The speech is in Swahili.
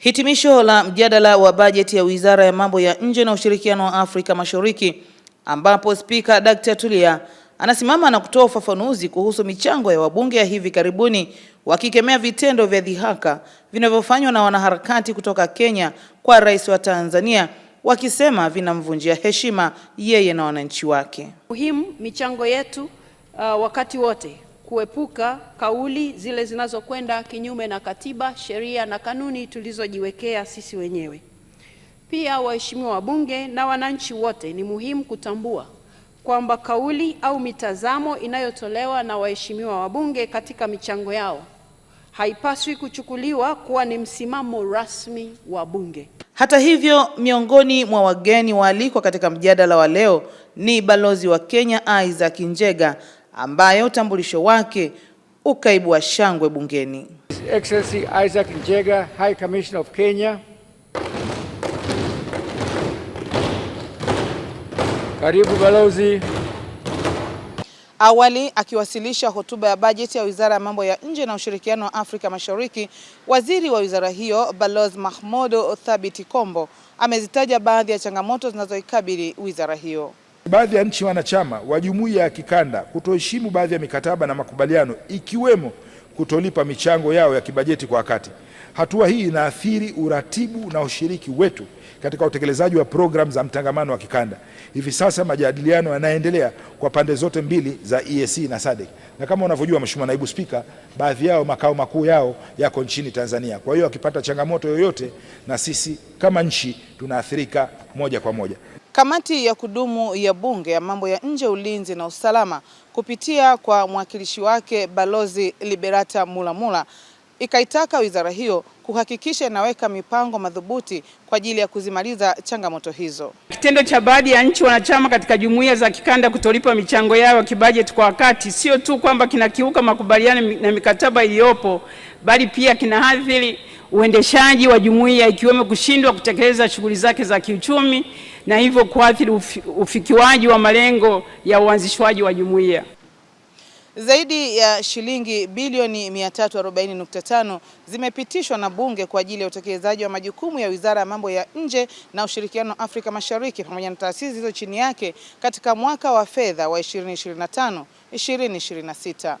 Hitimisho la mjadala wa bajeti ya Wizara ya Mambo ya Nje na Ushirikiano wa Afrika Mashariki ambapo Spika Dkt. Tulia anasimama na kutoa ufafanuzi kuhusu michango ya wabunge ya hivi karibuni wakikemea vitendo vya dhihaka vinavyofanywa na wanaharakati kutoka Kenya kwa rais wa Tanzania wakisema vinamvunjia heshima yeye na wananchi wake. Muhimu michango yetu uh, wakati wote kuepuka kauli zile zinazokwenda kinyume na katiba, sheria na kanuni tulizojiwekea sisi wenyewe. Pia waheshimiwa wabunge na wananchi wote, ni muhimu kutambua kwamba kauli au mitazamo inayotolewa na waheshimiwa wabunge katika michango yao haipaswi kuchukuliwa kuwa ni msimamo rasmi wa Bunge. Hata hivyo, miongoni mwa wageni waalikwa katika mjadala wa leo ni balozi wa Kenya Isaac Njega ambaye utambulisho wake ukaibua shangwe bungeni. His Excellency Isaac Njega, High Commissioner of Kenya. Karibu balozi. Awali akiwasilisha hotuba ya bajeti ya Wizara ya Mambo ya Nje na Ushirikiano wa Afrika Mashariki, waziri wa wizara hiyo Balozi Mahmoud Thabiti Kombo amezitaja baadhi ya changamoto zinazoikabili wizara hiyo. Baadhi ya nchi wanachama wa jumuiya ya kikanda kutoheshimu baadhi ya mikataba na makubaliano ikiwemo kutolipa michango yao ya kibajeti kwa wakati. Hatua hii inaathiri uratibu na ushiriki wetu katika utekelezaji wa programu za mtangamano wa kikanda. Hivi sasa majadiliano yanaendelea kwa pande zote mbili za EAC na SADC, na kama unavyojua Mheshimiwa Naibu Spika, baadhi yao makao makuu yao yako nchini Tanzania. Kwa hiyo wakipata changamoto yoyote, na sisi kama nchi tunaathirika moja kwa moja. Kamati ya kudumu ya Bunge ya mambo ya nje, ulinzi na usalama kupitia kwa mwakilishi wake Balozi Liberata Mulamula ikaitaka wizara hiyo kuhakikisha inaweka mipango madhubuti kwa ajili ya kuzimaliza changamoto hizo. Kitendo cha baadhi ya nchi wanachama katika jumuiya za kikanda kutolipa michango yao ya kibajeti kwa wakati, sio tu kwamba kinakiuka makubaliano na mikataba iliyopo, bali pia kinaathiri uendeshaji wa jumuiya, ikiwemo kushindwa kutekeleza shughuli zake za kiuchumi na hivyo kuathiri ufikiwaji wa malengo ya uanzishwaji wa jumuiya. Zaidi ya shilingi bilioni 340.5 zimepitishwa na bunge kwa ajili ya utekelezaji wa majukumu ya Wizara ya Mambo ya Nje na Ushirikiano Afrika Mashariki pamoja na taasisi zilizo chini yake katika mwaka wa fedha wa 2025 2026.